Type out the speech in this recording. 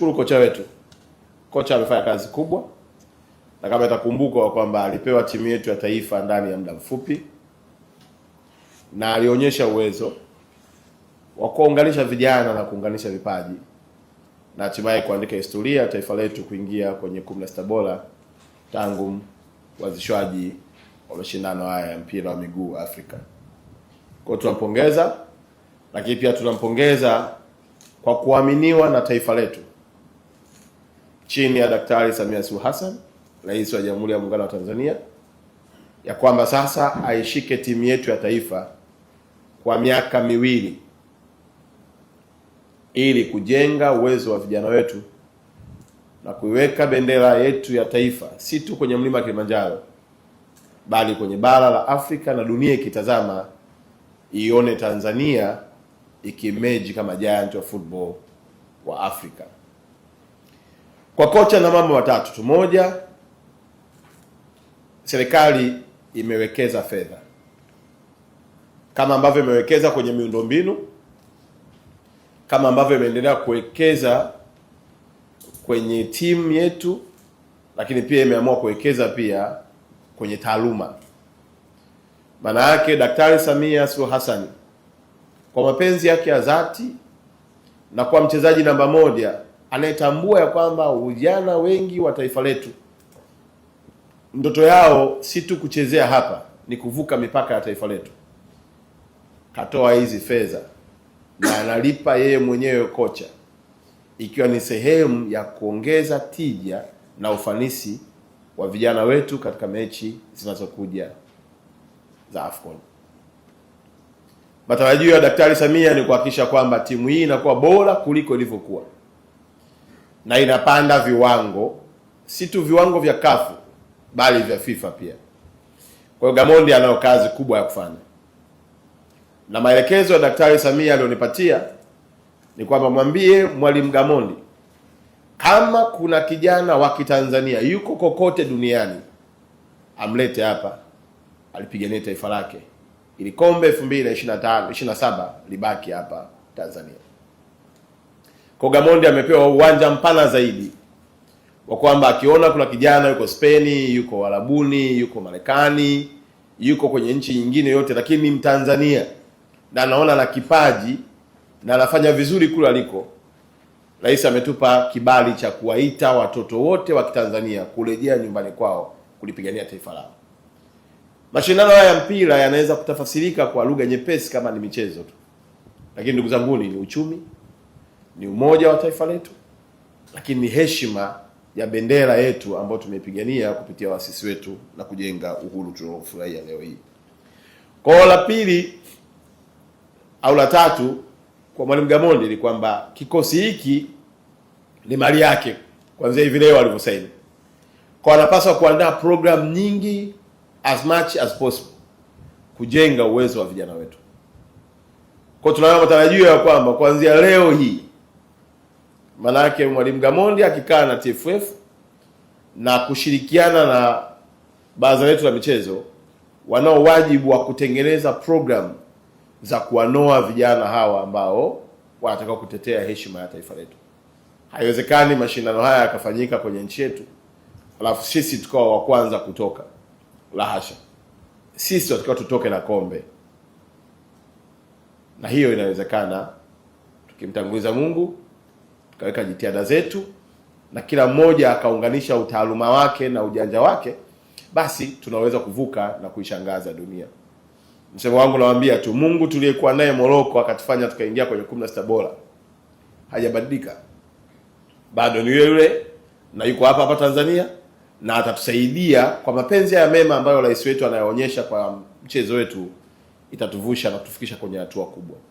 tumshukuru kocha wetu. Kocha amefanya kazi kubwa, na kama itakumbukwa kwamba alipewa timu yetu ya taifa ndani ya muda mfupi, na alionyesha uwezo wa kuunganisha vijana na kuunganisha vipaji na hatimaye kuandika historia taifa letu kuingia kwenye 16 bora tangu wazishwaji wa mashindano haya ya mpira wa miguu Afrika. Kwa tunampongeza, lakini pia tunampongeza kwa kuaminiwa na taifa letu chini ya Daktari Samia Suluhu Hassan, Rais wa Jamhuri ya Muungano wa Tanzania, ya kwamba sasa aishike timu yetu ya taifa kwa miaka miwili ili kujenga uwezo wa vijana wetu na kuiweka bendera yetu ya taifa si tu kwenye mlima Kilimanjaro bali kwenye bara la Afrika na dunia ikitazama ione Tanzania ikimeji kama giant wa football wa Afrika kwa kocha na mambo matatu tu. Moja, serikali imewekeza fedha kama ambavyo imewekeza kwenye miundombinu, kama ambavyo imeendelea kuwekeza kwenye timu yetu, lakini pia imeamua kuwekeza pia kwenye taaluma. Maana yake Daktari Samia Suluhu Hassan kwa mapenzi yake ya dhati na kwa mchezaji namba moja anayetambua ya kwamba vijana wengi wa taifa letu ndoto yao si tu kuchezea hapa, ni kuvuka mipaka ya taifa letu. Katoa hizi fedha na analipa yeye mwenyewe kocha, ikiwa ni sehemu ya kuongeza tija na ufanisi wa vijana wetu katika mechi zinazokuja za AFCON. Matarajio ya Daktari Samia ni kuhakikisha kwamba timu hii inakuwa bora kuliko ilivyokuwa na inapanda viwango, si tu viwango vya kafu bali vya FIFA pia. Kwa hiyo Gamondi anayo kazi kubwa ya kufanya, na maelekezo ya Daktari Samia alionipatia ni kwamba mwambie Mwalimu Gamondi kama kuna kijana wa Kitanzania yuko kokote duniani amlete hapa alipigania taifa lake ili kombe 2025 27 libaki hapa Tanzania. Kogamondi amepewa uwanja mpana zaidi wa kwamba akiona kuna kijana yuko Spain, yuko Warabuni, yuko Marekani, yuko kwenye nchi nyingine yote, lakini ni Mtanzania na anaona na kipaji na anafanya vizuri kule aliko, Rais ametupa kibali cha kuwaita watoto wote wa Kitanzania kurejea nyumbani kwao kulipigania taifa lao. Mashindano haya ya mpira yanaweza kutafasirika kwa lugha nyepesi kama ni michezo tu, lakini ndugu zanguni, ni uchumi ni umoja wa taifa letu, lakini ni heshima ya bendera yetu ambayo tumeipigania kupitia waasisi wetu na kujenga uhuru tunaofurahia leo hii. Kwa la pili au la tatu kwa Mwalimu Gamondi ni kwamba kikosi hiki ni mali yake kuanzia hivi leo alivyosaini, kwa anapaswa kuandaa program nyingi as much as possible kujenga uwezo wa vijana wetu. Kwa tunayo matarajio ya kwamba kuanzia leo hii Maanake Mwalimu Gamondi akikaa na TFF na kushirikiana na baraza letu la michezo, wanao wajibu wa kutengeneza program za kuwanoa vijana hawa ambao wanataka kutetea heshima ya taifa letu. Haiwezekani mashindano haya yakafanyika kwenye nchi yetu alafu sisi tukawa wa kwanza kutoka. La hasha, sisi tunatakiwa tutoke na kombe, na hiyo inawezekana tukimtanguliza Mungu tukaweka jitihada zetu na kila mmoja akaunganisha utaaluma wake na ujanja wake, basi tunaweza kuvuka na kuishangaza dunia. Msemo wangu nawaambia tu, Mungu tuliyekuwa naye Moroko akatufanya tukaingia kwenye kumi na sita bora hajabadilika, bado ni yule yule na yuko hapa hapa Tanzania na atatusaidia kwa mapenzi ya mema ambayo rais wetu anayaonyesha kwa mchezo wetu, itatuvusha na kutufikisha kwenye hatua kubwa.